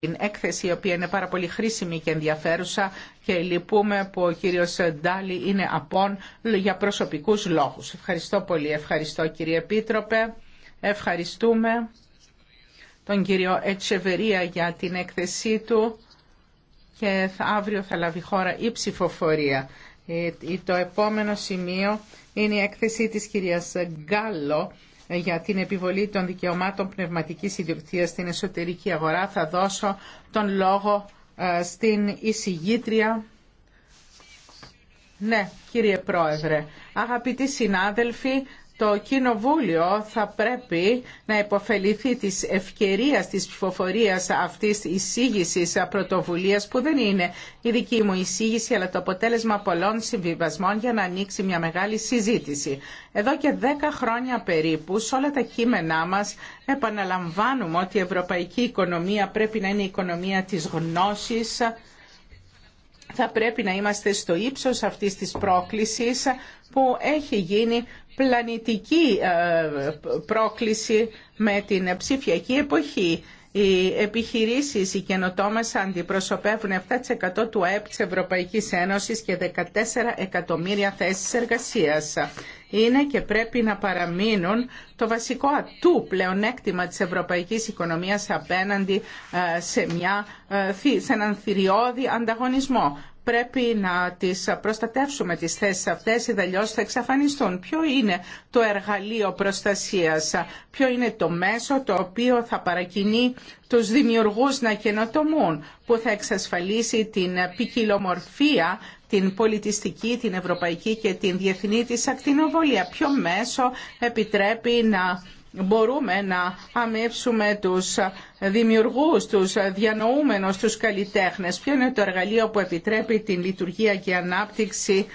την έκθεση η οποία είναι πάρα πολύ χρήσιμη και ενδιαφέρουσα και λυπούμε που ο κύριος Ντάλι είναι απόν για προσωπικούς λόγους. Ευχαριστώ πολύ. Ευχαριστώ κύριε Επίτροπε. Ευχαριστούμε τον κύριο Ετσεβερία για την έκθεσή του και αύριο θα λάβει χώρα η ψηφοφορία. Ε, το επόμενο σημείο είναι η έκθεση της κυρίας Γκάλλο για την επιβολή των δικαιωμάτων πνευματικής ιδιοκτησίας στην εσωτερική αγορά. Θα δώσω τον λόγο ε, στην εισηγήτρια. Ναι, κύριε Πρόεδρε, αγαπητοί συνάδελφοι, το Κοινοβούλιο θα πρέπει να υποφεληθεί της ευκαιρίας της ψηφοφορίας αυτής της εισήγησης πρωτοβουλίας που δεν είναι η δική μου εισήγηση αλλά το αποτέλεσμα πολλών συμβιβασμών για να ανοίξει μια μεγάλη συζήτηση. Εδώ και δέκα χρόνια περίπου σε όλα τα κείμενά μας επαναλαμβάνουμε ότι η ευρωπαϊκή οικονομία πρέπει να είναι η οικονομία της γνώσης, θα πρέπει να είμαστε στο ύψος αυτής της πρόκλησης που έχει γίνει πλανητική ε, πρόκληση με την ψηφιακή εποχή. Οι επιχειρήσει οι καινοτόμες αντιπροσωπεύουν 7% του ΑΕΠ τη Ευρωπαϊκή Ένωσης και 14 εκατομμύρια θέσει εργασία. Είναι και πρέπει να παραμείνουν το βασικό ατού πλεονέκτημα τη ευρωπαϊκής Οικονομία απέναντι ε, σε, μια, ε, σε έναν θηριώδη ανταγωνισμό πρέπει να τις προστατεύσουμε τις θέσεις αυτές, ιδαλλιώς θα εξαφανιστούν. Ποιο είναι το εργαλείο προστασίας, ποιο είναι το μέσο το οποίο θα παρακινεί τους δημιουργούς να καινοτομούν, που θα εξασφαλίσει την ποικιλομορφία, την πολιτιστική, την ευρωπαϊκή και την διεθνή της ακτινοβολία. Ποιο μέσο επιτρέπει να μπορούμε να αμείψουμε τους δημιουργούς, τους διανοούμενους, τους καλλιτέχνες. Ποιο είναι το εργαλείο που επιτρέπει την λειτουργία και ανάπτυξη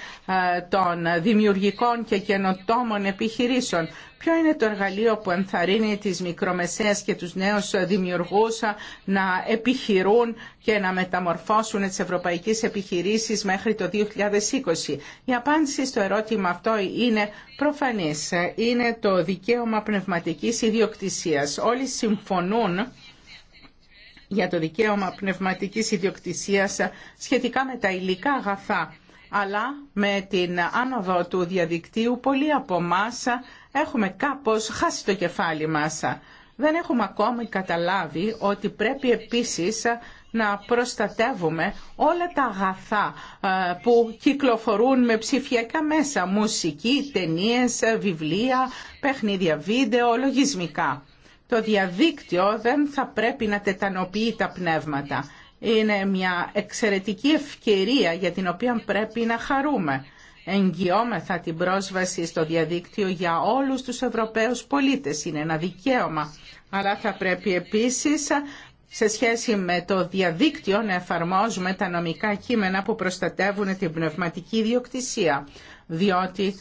των δημιουργικών και καινοτόμων επιχειρήσεων. Ποιο είναι το εργαλείο που ενθαρρύνει τις μικρομεσαίες και τους νέους δημιουργούς να επιχειρούν και να μεταμορφώσουν τις ευρωπαϊκές επιχειρήσεις μέχρι το 2020. Η απάντηση στο ερώτημα αυτό είναι προφανής. Ε, είναι το δικαίωμα πνευματικής ιδιοκτησίας. Όλοι συμφωνούν για το δικαίωμα πνευματικής ιδιοκτησίας σχετικά με τα υλικά αγαθά. Αλλά με την άνοδο του διαδικτύου πολλοί από εμά έχουμε κάπως χάσει το κεφάλι μας. Δεν έχουμε ακόμη καταλάβει ότι πρέπει επίσης να προστατεύουμε όλα τα αγαθά ε, που κυκλοφορούν με ψηφιακά μέσα, μουσική, ταινίες, βιβλία, παιχνίδια βίντεο, λογισμικά το διαδίκτυο δεν θα πρέπει να τετανοποιεί τα πνεύματα. Είναι μια εξαιρετική ευκαιρία για την οποία πρέπει να χαρούμε. Εγγυόμεθα την πρόσβαση στο διαδίκτυο για όλους τους Ευρωπαίους πολίτες. Είναι ένα δικαίωμα. Άρα θα πρέπει επίσης σε σχέση με το διαδίκτυο να εφαρμόζουμε τα νομικά κείμενα που προστατεύουν την πνευματική ιδιοκτησία. Διότι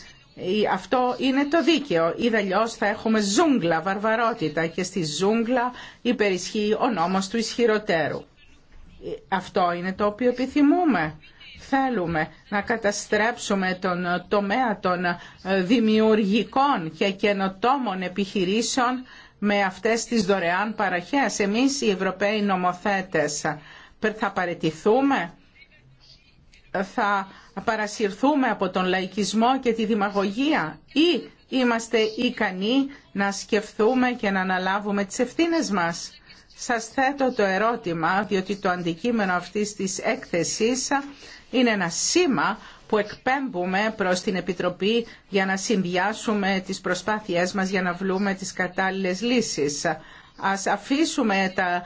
αυτό είναι το δίκαιο. Ή αλλιώ θα έχουμε ζούγκλα, βαρβαρότητα και στη ζούγκλα υπερισχύει ο νόμος του ισχυροτέρου. Ε, αυτό είναι το οποίο επιθυμούμε. Θέλουμε να καταστρέψουμε τον ε, τομέα των ε, δημιουργικών και καινοτόμων επιχειρήσεων με αυτές τις δωρεάν παραχές. Εμείς οι Ευρωπαίοι νομοθέτες θα παραιτηθούμε θα παρασυρθούμε από τον λαϊκισμό και τη δημαγωγία ή είμαστε ικανοί να σκεφτούμε και να αναλάβουμε τις ευθύνες μας. Σας θέτω το ερώτημα, διότι το αντικείμενο αυτής της έκθεσης είναι ένα σήμα που εκπέμπουμε προς την Επιτροπή για να συνδυάσουμε τις προσπάθειές μας για να βρούμε τις κατάλληλες λύσεις. Ας αφήσουμε τα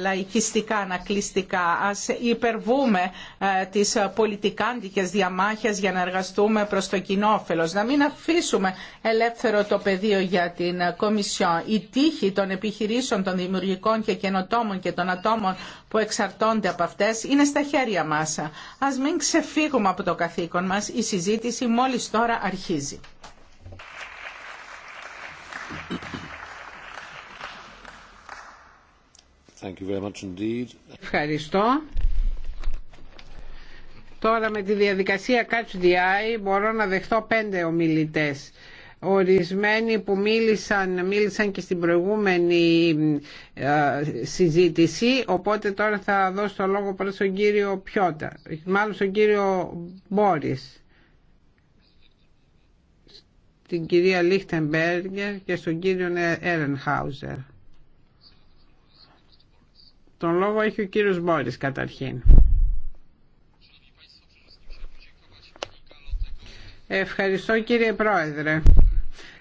λαϊκιστικά ανακλειστικά, ας υπερβούμε ε, τις πολιτικάντικες διαμάχες για να εργαστούμε προς το όφελος. να μην αφήσουμε ελεύθερο το πεδίο για την ε, Κομισιόν. Η τύχη των επιχειρήσεων, των δημιουργικών και καινοτόμων και των ατόμων που εξαρτώνται από αυτές είναι στα χέρια μας. Ας μην ξεφύγουμε από το καθήκον μας, η συζήτηση μόλις τώρα αρχίζει. Ευχαριστώ. Τώρα με τη διαδικασία Catch the Eye μπορώ να δεχτώ πέντε ομιλητές. Ορισμένοι που μίλησαν, μίλησαν και στην προηγούμενη ε, συζήτηση, οπότε τώρα θα δώσω το λόγο προς τον κύριο Πιώτα, μάλλον στον κύριο Μπόρις, την κυρία Λίχτεμπέργκερ και στον κύριο Έρενχάουζερ. Τον λόγο έχει ο κύριος Μπόρις καταρχήν. Ευχαριστώ κύριε Πρόεδρε.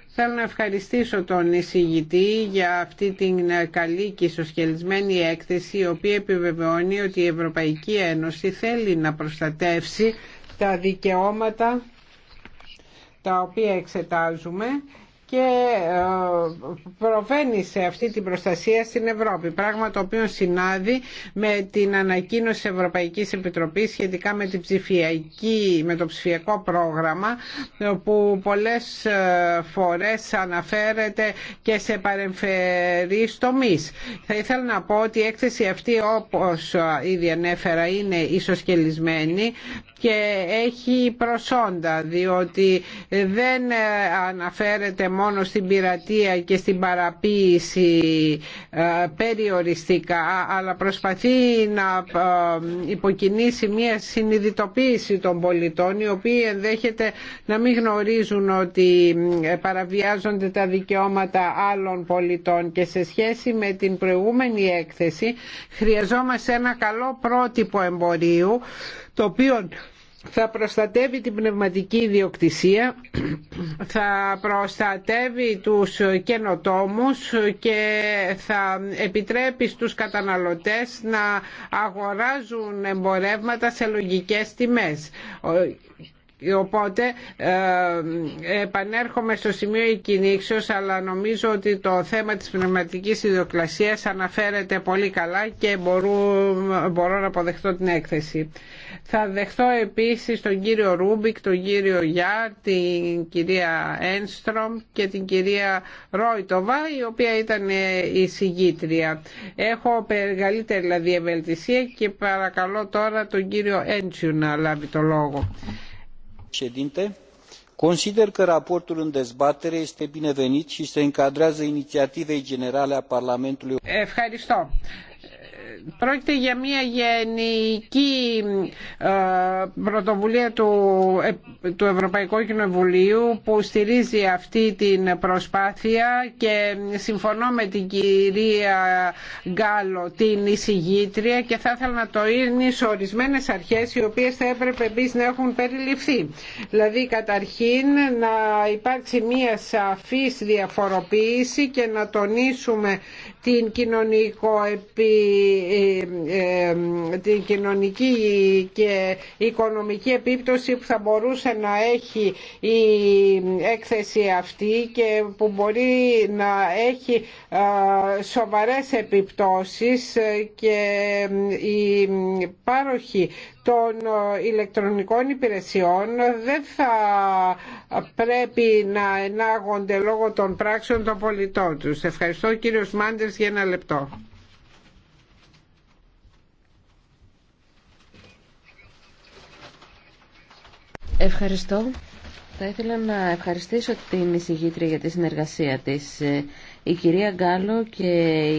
Θέλω να ευχαριστήσω τον εισηγητή για αυτή την ε, καλή και ισοσχελισμένη έκθεση η οποία επιβεβαιώνει ότι η Ευρωπαϊκή Ένωση θέλει να προστατεύσει τα δικαιώματα τα οποία εξετάζουμε και ε, προβαίνει σε αυτή την προστασία στην Ευρώπη. Πράγμα το οποίο συνάδει με την ανακοίνωση Ευρωπαϊκής Επιτροπής σχετικά με, ψηφιακή, με το ψηφιακό πρόγραμμα που πολλές ε, φορές αναφέρεται και σε παρεμφερείς τομείς. Θα ήθελα να πω ότι η έκθεση αυτή όπως ε, ήδη ανέφερα είναι ισοσκελισμένη και έχει προσόντα διότι δεν αναφέρεται μόνο στην πειρατεία και στην παραποίηση ε, περιοριστικά αλλά προσπαθεί να ε, υποκινήσει μια συνειδητοποίηση των πολιτών οι οποίοι ενδέχεται να μην γνωρίζουν ότι ε, παραβιάζονται τα δικαιώματα άλλων πολιτών και σε σχέση με την προηγούμενη έκθεση χρειαζόμαστε ένα καλό πρότυπο εμπορίου το οποίο θα προστατεύει την πνευματική ιδιοκτησία, θα προστατεύει τους καινοτόμους και θα επιτρέπει στους καταναλωτές να αγοράζουν εμπορεύματα σε λογικές τιμές Οπότε ε, επανέρχομαι στο σημείο εκκινήξεως αλλά νομίζω ότι το θέμα της πνευματικής ιδιοκλασίας αναφέρεται πολύ καλά και μπορώ, μπορώ να αποδεχτώ την έκθεση. Θα δεχτώ επίσης τον κύριο Ρούμπικ, τον κύριο Γιάρ, την κυρία Ένστρομ και την κυρία Ρόιτοβα η οποία ήταν ε, η συγγήτρια. Έχω μεγαλύτερη δηλαδή και παρακαλώ τώρα τον κύριο Έντσιου να λάβει το λόγο consider că raportul în dezbatere este binevenit și se încadrează inițiativei generale a parlamentului european πρόκειται για μια γενική ε, πρωτοβουλία του, ε, του Ευρωπαϊκού Κοινοβουλίου που στηρίζει αυτή την προσπάθεια και συμφωνώ με την κυρία Γκάλο την εισηγήτρια και θα ήθελα να το είναι σε ορισμένες αρχές οι οποίες θα έπρεπε εμείς να έχουν περιληφθεί. Δηλαδή καταρχήν να υπάρξει μια σαφής διαφοροποίηση και να τονίσουμε την κοινωνικο επι ε, ε, την κοινωνική και οικονομική επίπτωση που θα μπορούσε να έχει η έκθεση αυτή και που μπορεί να έχει ε, σοβαρές επιπτώσεις και η πάροχη των ηλεκτρονικών υπηρεσιών δεν θα πρέπει να ενάγονται λόγω των πράξεων των πολιτών τους. Ευχαριστώ κύριος Μάντερς για ένα λεπτό. Ευχαριστώ. Θα ήθελα να ευχαριστήσω την εισηγήτρια για τη συνεργασία της. Η κυρία Γκάλο και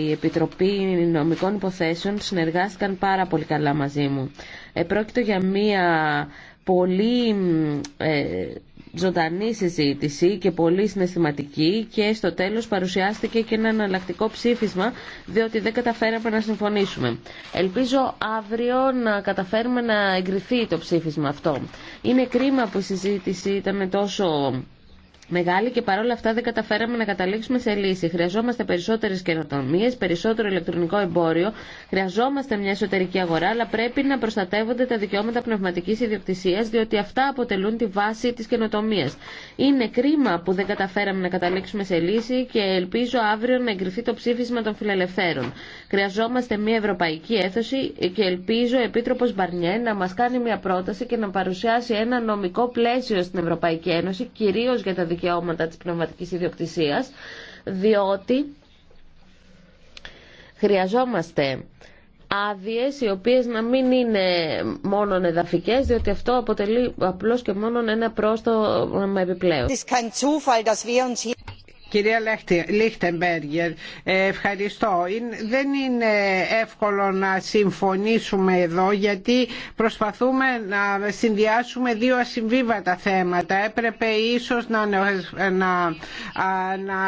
η Επιτροπή Νομικών Υποθέσεων συνεργάστηκαν πάρα πολύ καλά μαζί μου. Ε, πρόκειται για μία πολύ ε, ζωντανή συζήτηση και πολύ συναισθηματική και στο τέλος παρουσιάστηκε και ένα αναλλακτικό ψήφισμα διότι δεν καταφέραμε να συμφωνήσουμε. Ελπίζω αύριο να καταφέρουμε να εγκριθεί το ψήφισμα αυτό. Είναι κρίμα που η συζήτηση ήταν τόσο μεγάλη και παρόλα αυτά δεν καταφέραμε να καταλήξουμε σε λύση. Χρειαζόμαστε περισσότερε καινοτομίε, περισσότερο ηλεκτρονικό εμπόριο, χρειαζόμαστε μια εσωτερική αγορά, αλλά πρέπει να προστατεύονται τα δικαιώματα πνευματική ιδιοκτησία, διότι αυτά αποτελούν τη βάση τη καινοτομία. Είναι κρίμα που δεν καταφέραμε να καταλήξουμε σε λύση και ελπίζω αύριο να εγκριθεί το ψήφισμα των φιλελευθέρων. Χρειαζόμαστε μια ευρωπαϊκή έθωση και ελπίζω ο Επίτροπο Μπαρνιέ να μα κάνει μια πρόταση και να παρουσιάσει ένα νομικό πλαίσιο στην Ευρωπαϊκή Ένωση, κυρίω για τα δικαιώματα δικαιώματα της πνευματικής ιδιοκτησίας, διότι χρειαζόμαστε άδειε οι οποίες να μην είναι μόνο εδαφικές διότι αυτό αποτελεί απλώς και μόνο ένα πρόστομα επιπλέον. Κυρία Λίχτεμπέργερ, ευχαριστώ. Δεν είναι εύκολο να συμφωνήσουμε εδώ γιατί προσπαθούμε να συνδυάσουμε δύο ασυμβίβατα θέματα. Έπρεπε ίσως να, να, να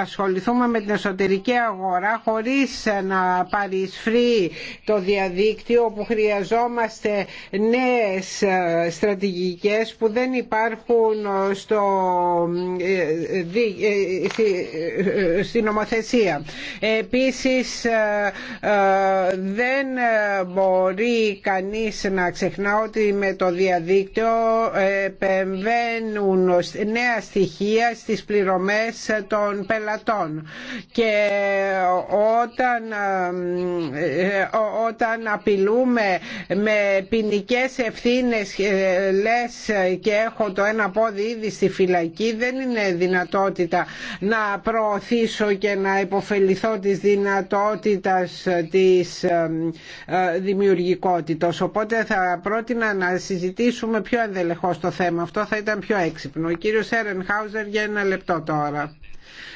ασχοληθούμε με την εσωτερική αγορά χωρίς να παρισφρεί το διαδίκτυο που χρειαζόμαστε νέες ε, στρατηγικές που δεν υπάρχουν στο ε, ε, ε, στην νομοθεσία. Επίσης ε, δεν μπορεί κανείς να ξεχνά ότι με το διαδίκτυο επεμβαίνουν νέα στοιχεία στις πληρωμές των πελατών και όταν, όταν απειλούμε με ποινικέ ευθύνες λες και έχω το ένα πόδι ήδη στη φυλακή δεν είναι δυνατόν να προωθήσω και να υποφεληθώ της δυνατότητας της ε, ε, δημιουργικότητας. Οπότε θα πρότεινα να συζητήσουμε πιο ενδελεχώς το θέμα. Αυτό θα ήταν πιο έξυπνο. Ο κύριος Έρενχάουζερ για ένα λεπτό τώρα.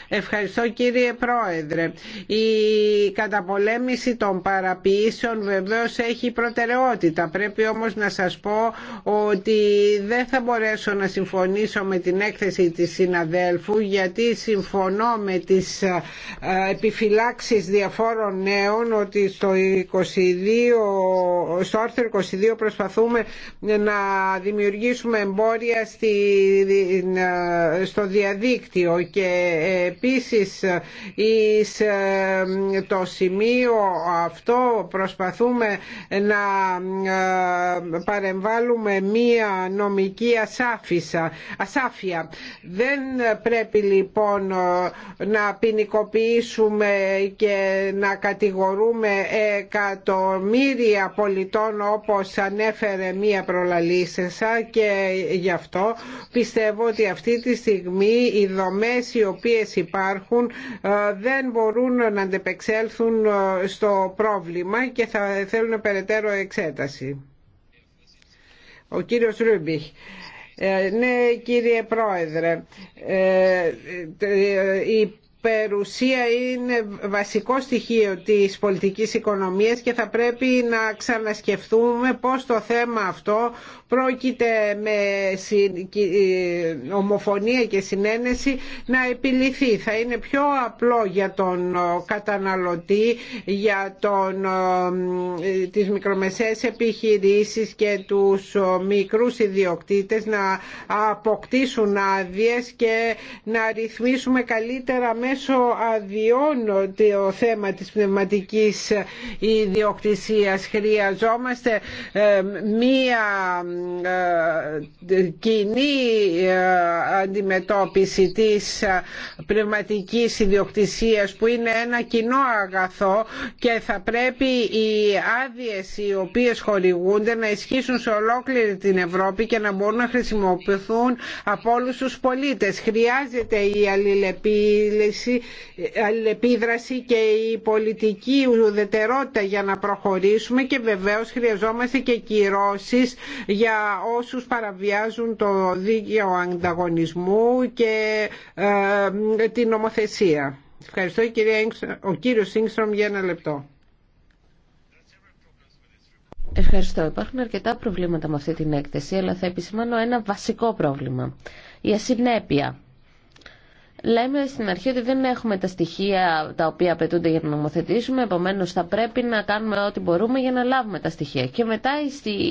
Ευχαριστώ κύριε Πρόεδρε. Η καταπολέμηση των παραποιήσεων βεβαίως έχει προτεραιότητα. Πρέπει όμως να σας πω ότι δεν θα μπορέσω να συμφωνήσω με την έκθεση της συναδέλφου γιατί συμφωνώ με τις ε, επιφυλάξεις διαφόρων νέων ότι στο, 22, στο άρθρο 22 προσπαθούμε να δημιουργήσουμε εμπόρια στη, ε, στο διαδίκτυο και ε, Επίσης, εις ε, το σημείο αυτό προσπαθούμε να ε, παρεμβάλλουμε μία νομική ασάφισα, ασάφεια. Δεν πρέπει λοιπόν να ποινικοποιήσουμε και να κατηγορούμε εκατομμύρια πολιτών όπως ανέφερε μία προλαλήσεσα και γι' αυτό πιστεύω ότι αυτή τη στιγμή οι δομές οι οποίες υπάρχουν ε, δεν μπορούν να αντεπεξέλθουν ε, στο πρόβλημα και θα θέλουν περαιτέρω εξέταση. Ο κύριος Ρούμπιχ. Ε, ναι κύριε Πρόεδρε, ε, ε περιουσία είναι βασικό στοιχείο της πολιτικής οικονομίας και θα πρέπει να ξανασκεφτούμε πώς το θέμα αυτό πρόκειται με ε, ομοφωνία και συνένεση να επιληθεί. Θα είναι πιο απλό για τον ε, καταναλωτή, για τον, ε, τις μικρομεσαίες επιχειρήσεις και τους μικρούς ιδιοκτήτες να αποκτήσουν άδειες και να ρυθμίσουμε καλύτερα μέσα μέσω αδειών το θέμα της πνευματικής ιδιοκτησίας. Χρειαζόμαστε ε, μία ε, κοινή ε, αντιμετώπιση της πνευματικής ιδιοκτησίας που είναι ένα κοινό αγαθό και θα πρέπει οι άδειε οι οποίες χορηγούνται να ισχύσουν σε ολόκληρη την Ευρώπη και να μπορούν να χρησιμοποιηθούν από όλους τους πολίτες. Χρειάζεται η αλληλεπίληση αλληλεπίδραση, αλληλεπίδραση και η πολιτική ουδετερότητα για να προχωρήσουμε και βεβαίως χρειαζόμαστε και κυρώσεις για όσους παραβιάζουν το δίκαιο ανταγωνισμού και ε, την νομοθεσία. Ευχαριστώ κυρία, ο κύριος Σίγκστρομ για ένα λεπτό. Ευχαριστώ. Υπάρχουν αρκετά προβλήματα με αυτή την έκθεση, αλλά θα επισημάνω ένα βασικό πρόβλημα. Η ασυνέπεια Λέμε στην αρχή ότι δεν έχουμε τα στοιχεία τα οποία απαιτούνται για να νομοθετήσουμε, επομένω θα πρέπει να κάνουμε ό,τι μπορούμε για να λάβουμε τα στοιχεία. Και μετά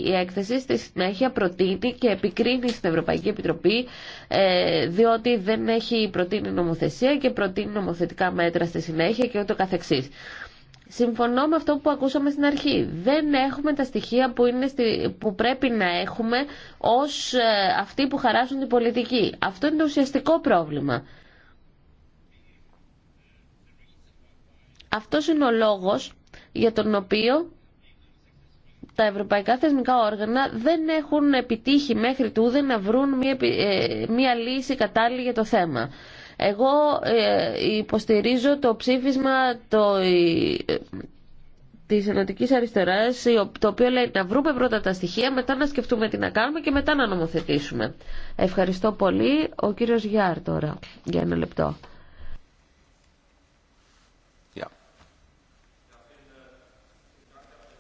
η έκθεση στη συνέχεια προτείνει και επικρίνει στην Ευρωπαϊκή Επιτροπή, ε, διότι δεν έχει προτείνει νομοθεσία και προτείνει νομοθετικά μέτρα στη συνέχεια και ούτω καθεξής. Συμφωνώ με αυτό που ακούσαμε στην αρχή. Δεν έχουμε τα στοιχεία που, είναι στη... που πρέπει να έχουμε ως ε, αυτοί που χαράσουν την πολιτική. Αυτό είναι το ουσιαστικό πρόβλημα. Αυτός είναι ο λόγος για τον οποίο τα ευρωπαϊκά θεσμικά όργανα δεν έχουν επιτύχει μέχρι τούδε να βρουν μία, ε, μία λύση κατάλληλη για το θέμα. Εγώ ε, υποστηρίζω το ψήφισμα το, ε, της Ενωτικής Αριστεράς, το οποίο λέει να βρούμε πρώτα τα στοιχεία, μετά να σκεφτούμε τι να κάνουμε και μετά να νομοθετήσουμε. Ευχαριστώ πολύ. Ο κύριος Γιάρ τώρα για ένα λεπτό.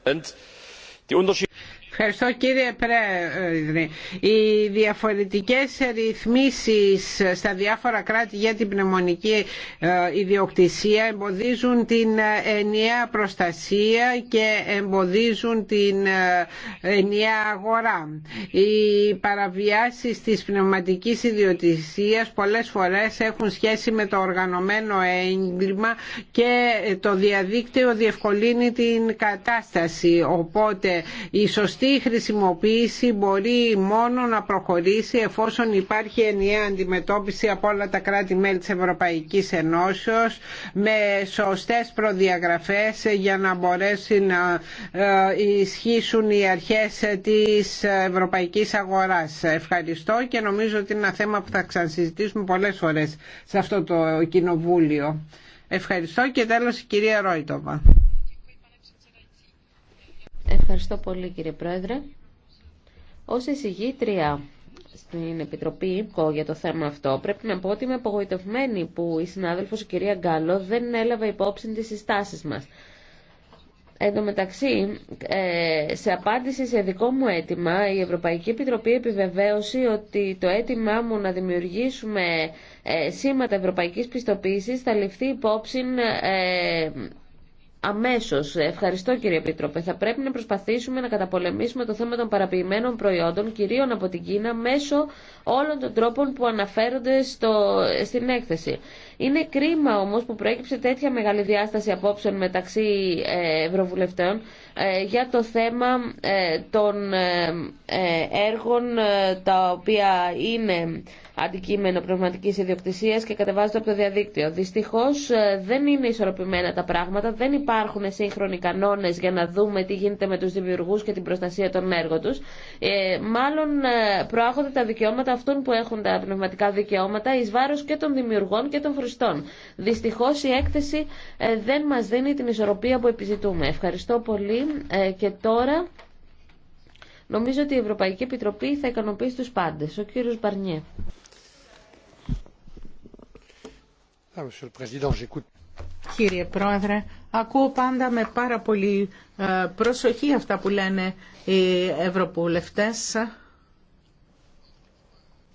die Ευχαριστώ κύριε Πρέδρε. Οι διαφορετικές ρυθμίσεις στα διάφορα κράτη για την πνευμονική ε, ιδιοκτησία εμποδίζουν την ε, ενιαία προστασία και εμποδίζουν την ε, ενιαία αγορά. Οι παραβιάσεις της πνευματικής ιδιοκτησίας πολλές φορές έχουν σχέση με το οργανωμένο έγκλημα και το διαδίκτυο διευκολύνει την κατάσταση. Οπότε η σωστή αυτή η χρησιμοποίηση μπορεί μόνο να προχωρήσει εφόσον υπάρχει ενιαία αντιμετώπιση από όλα τα κράτη-μέλη της Ευρωπαϊκής Ενώσεως με σωστές προδιαγραφές για να μπορέσει να ε, ισχύσουν οι αρχές της ευρωπαϊκής αγοράς. Ευχαριστώ και νομίζω ότι είναι ένα θέμα που θα ξανασυζητήσουμε πολλές φορές σε αυτό το κοινοβούλιο. Ευχαριστώ και τέλος η κυρία Ρόιτοβα. Ευχαριστώ πολύ κύριε Πρόεδρε. Ως εισηγήτρια στην Επιτροπή ΙΠΚΟ για το θέμα αυτό, πρέπει να πω ότι είμαι απογοητευμένη που η συνάδελφος η κυρία Γκάλο δεν έλαβε υπόψη τις συστάσεις μας. Εν τω μεταξύ, ε, σε απάντηση σε δικό μου αίτημα, η Ευρωπαϊκή Επιτροπή επιβεβαίωσε ότι το αίτημά μου να δημιουργήσουμε ε, σήματα ευρωπαϊκής πιστοποίησης θα ληφθεί υπόψη ε, Αμέσω. Ευχαριστώ κύριε Επίτροπε. Θα πρέπει να προσπαθήσουμε να καταπολεμήσουμε το θέμα των παραποιημένων προϊόντων, κυρίω από την Κίνα, μέσω όλων των τρόπων που αναφέρονται στο, στην έκθεση. Είναι κρίμα όμως που προέκυψε τέτοια μεγάλη διάσταση απόψεων μεταξύ ε, ευρωβουλευτών ε, για το θέμα ε, των έργων τα οποία είναι αντικείμενο πνευματική ιδιοκτησία και κατεβάζονται από το διαδίκτυο. Δυστυχώ δεν είναι ισορροπημένα τα πράγματα, δεν υπάρχουν σύγχρονοι κανόνε για να δούμε τι γίνεται με του δημιουργού και την προστασία των έργων του. Ε, μάλλον προάγονται τα δικαιώματα αυτών που έχουν τα πνευματικά δικαιώματα ει βάρο και των δημιουργών και των χρηστών. Δυστυχώς η έκθεση ε, δεν μα δίνει την ισορροπία που επιζητούμε. Ευχαριστώ πολύ ε, και τώρα νομίζω ότι η Ευρωπαϊκή Επιτροπή θα ικανοποιήσει του πάντε. Ο κύριο Μπαρνιέ. Ah, Κύριε Πρόεδρε, ακούω πάντα με πάρα πολύ ε, προσοχή αυτά που λένε οι Ευρωπουλευτές.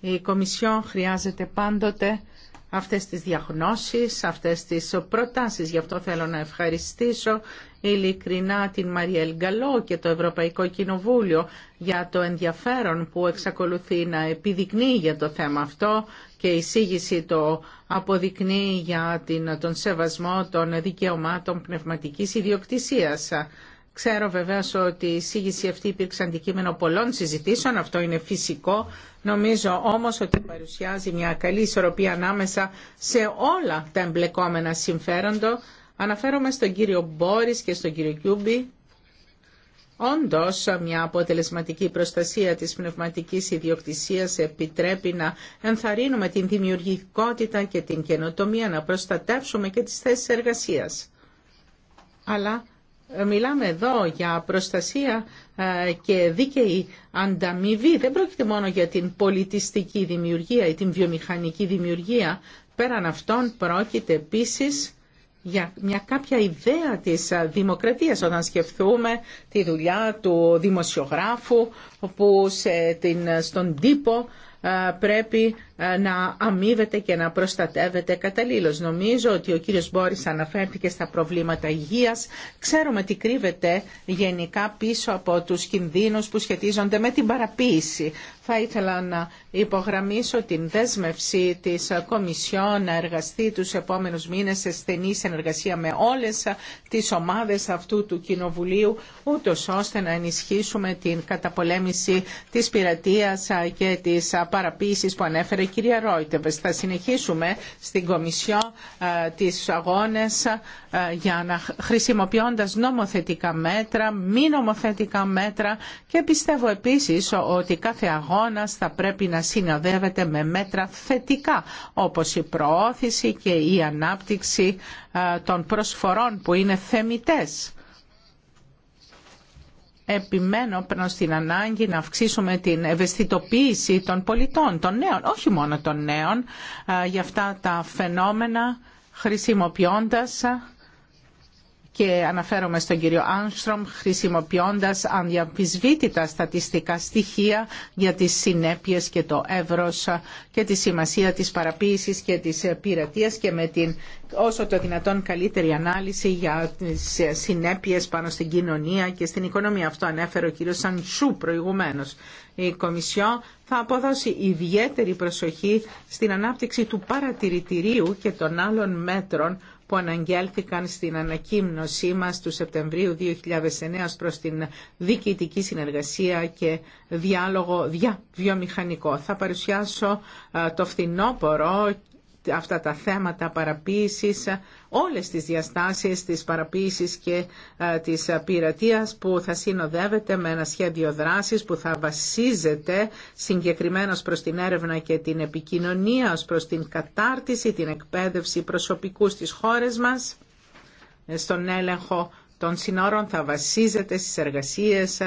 Η Κομισιόν χρειάζεται πάντοτε αυτές τις διαγνώσεις, αυτές τις προτάσεις. Γι' αυτό θέλω να ευχαριστήσω ειλικρινά την Μαριέλ Γκαλό και το Ευρωπαϊκό Κοινοβούλιο για το ενδιαφέρον που εξακολουθεί να επιδεικνύει για το θέμα αυτό και η εισήγηση το αποδεικνύει για τον σεβασμό των δικαιωμάτων πνευματικής ιδιοκτησίας. Ξέρω βεβαίω ότι η εισήγηση αυτή υπήρξε αντικείμενο πολλών συζητήσεων, αυτό είναι φυσικό. Νομίζω όμω ότι παρουσιάζει μια καλή ισορροπία ανάμεσα σε όλα τα εμπλεκόμενα συμφέροντο. Αναφέρομαι στον κύριο Μπόρι και στον κύριο Κιούμπι. όντω μια αποτελεσματική προστασία της πνευματική ιδιοκτησία επιτρέπει να ενθαρρύνουμε την δημιουργικότητα και την καινοτομία, να προστατεύσουμε και τι θέσει εργασία. Αλλά Μιλάμε εδώ για προστασία ε, και δίκαιη ανταμοιβή. Δεν πρόκειται μόνο για την πολιτιστική δημιουργία ή την βιομηχανική δημιουργία. Πέραν αυτών πρόκειται επίσης για μια κάποια ιδέα της ε, δημοκρατίας όταν σκεφτούμε τη δουλειά του δημοσιογράφου που την, στον τύπο ε, πρέπει ε, να αμείβεται και να προστατεύεται καταλήλως. Νομίζω ότι ο κύριος Μπόρις αναφέρθηκε στα προβλήματα υγείας. Ξέρουμε τι κρύβεται γενικά πίσω από τους κινδύνους που σχετίζονται με την παραποίηση. Θα ήθελα να υπογραμμίσω την δέσμευση της Κομισιόν να εργαστεί τους επόμενους μήνες σε στενή συνεργασία με όλες τις ομάδες αυτού του Κοινοβουλίου, ούτως ώστε να ενισχύσουμε την καταπολέμηση της πειρατείας και της παραποίησης που ανέφερε κυρία Ρόιτεβες. Θα συνεχίσουμε στην Κομισιό ε, τις αγώνες ε, για να χρησιμοποιώντας νομοθετικά μέτρα, μη νομοθετικά μέτρα και πιστεύω επίσης ότι κάθε αγώνας θα πρέπει να συνοδεύεται με μέτρα θετικά όπως η προώθηση και η ανάπτυξη ε, των προσφορών που είναι θεμητές επιμένω πάνω στην ανάγκη να αυξήσουμε την ευαισθητοποίηση των πολιτών, των νέων, όχι μόνο των νέων, για αυτά τα φαινόμενα χρησιμοποιώντας και αναφέρομαι στον κύριο Άνστρομ χρησιμοποιώντας ανδιαμφισβήτητα στατιστικά στοιχεία για τις συνέπειες και το εύρος και τη σημασία της παραποίησης και της πειρατείας και με την όσο το δυνατόν καλύτερη ανάλυση για τις συνέπειες πάνω στην κοινωνία και στην οικονομία. Αυτό ανέφερε ο κύριος Σαντσού προηγουμένως. Η Κομισιό θα αποδώσει ιδιαίτερη προσοχή στην ανάπτυξη του παρατηρητηρίου και των άλλων μέτρων που αναγγέλθηκαν στην ανακοίμνωσή μας του Σεπτεμβρίου 2009 προς την διοικητική συνεργασία και διάλογο δια βιομηχανικό. Θα παρουσιάσω ε, το φθινόπορο αυτά τα θέματα παραποίησης, όλες τις διαστάσεις της παραποίησης και ε, της πειρατείας που θα συνοδεύεται με ένα σχέδιο δράσης που θα βασίζεται συγκεκριμένα προς την έρευνα και την επικοινωνία, ως προς την κατάρτιση, την εκπαίδευση προσωπικού στις χώρες μας, ε, στον έλεγχο των συνόρων θα βασίζεται στις εργασίες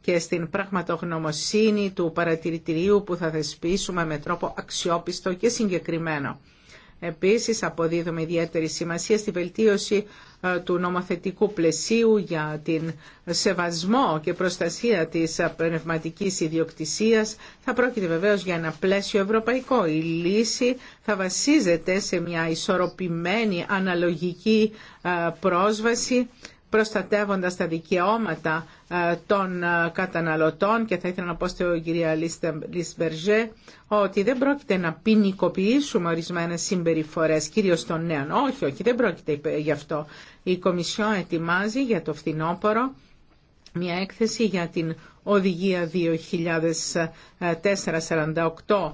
και στην πραγματογνωμοσύνη του παρατηρητηρίου που θα θεσπίσουμε με τρόπο αξιόπιστο και συγκεκριμένο. Επίσης αποδίδουμε ιδιαίτερη σημασία στη βελτίωση ε, του νομοθετικού πλαισίου για την σεβασμό και προστασία της πνευματική ιδιοκτησίας θα πρόκειται βεβαίως για ένα πλαίσιο ευρωπαϊκό. Η λύση θα βασίζεται σε μια ισορροπημένη αναλογική ε, πρόσβαση προστατεύοντας τα δικαιώματα ε, των ε, καταναλωτών και θα ήθελα να πω στην κυρία Λισβερζέ ότι δεν πρόκειται να ποινικοποιήσουμε ορισμένε συμπεριφορέ κυρίω των νέων. Όχι, όχι, δεν πρόκειται γι' αυτό. Η Κομισιό ετοιμάζει για το φθινόπωρο μια έκθεση για την Οδηγία 2004-48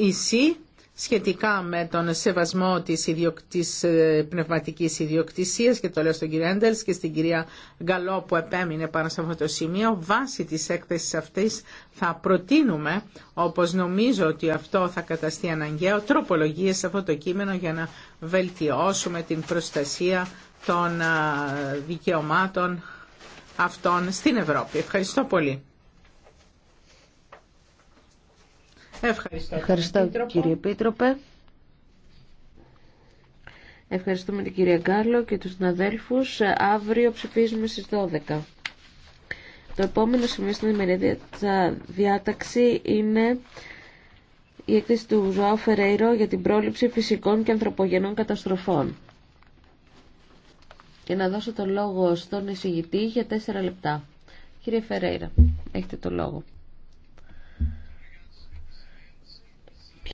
EC σχετικά με τον σεβασμό της, ιδιοκ... της ε, πνευματικής ιδιοκτησίας και το λέω στον κύριο Έντελς και στην κυρία Γκαλό που επέμεινε πάνω σε αυτό το σημείο βάσει της έκθεσης αυτής θα προτείνουμε όπως νομίζω ότι αυτό θα καταστεί αναγκαίο τροπολογίες σε αυτό το κείμενο για να βελτιώσουμε την προστασία των ε, δικαιωμάτων αυτών στην Ευρώπη. Ευχαριστώ πολύ. Ευχαριστώ, Ευχαριστώ κύριε Επίτροπε. Ευχαριστούμε την κυρία Γκάρλο και τους συναδέλφους. Αύριο ψηφίζουμε στις 12. Το επόμενο σημείο στην ημερίδια διάταξη είναι η έκθεση του Ζωάου Φερέιρο για την πρόληψη φυσικών και ανθρωπογενών καταστροφών. Και να δώσω το λόγο στον εισηγητή για τέσσερα λεπτά. Κύριε Φερέιρα, έχετε το λόγο.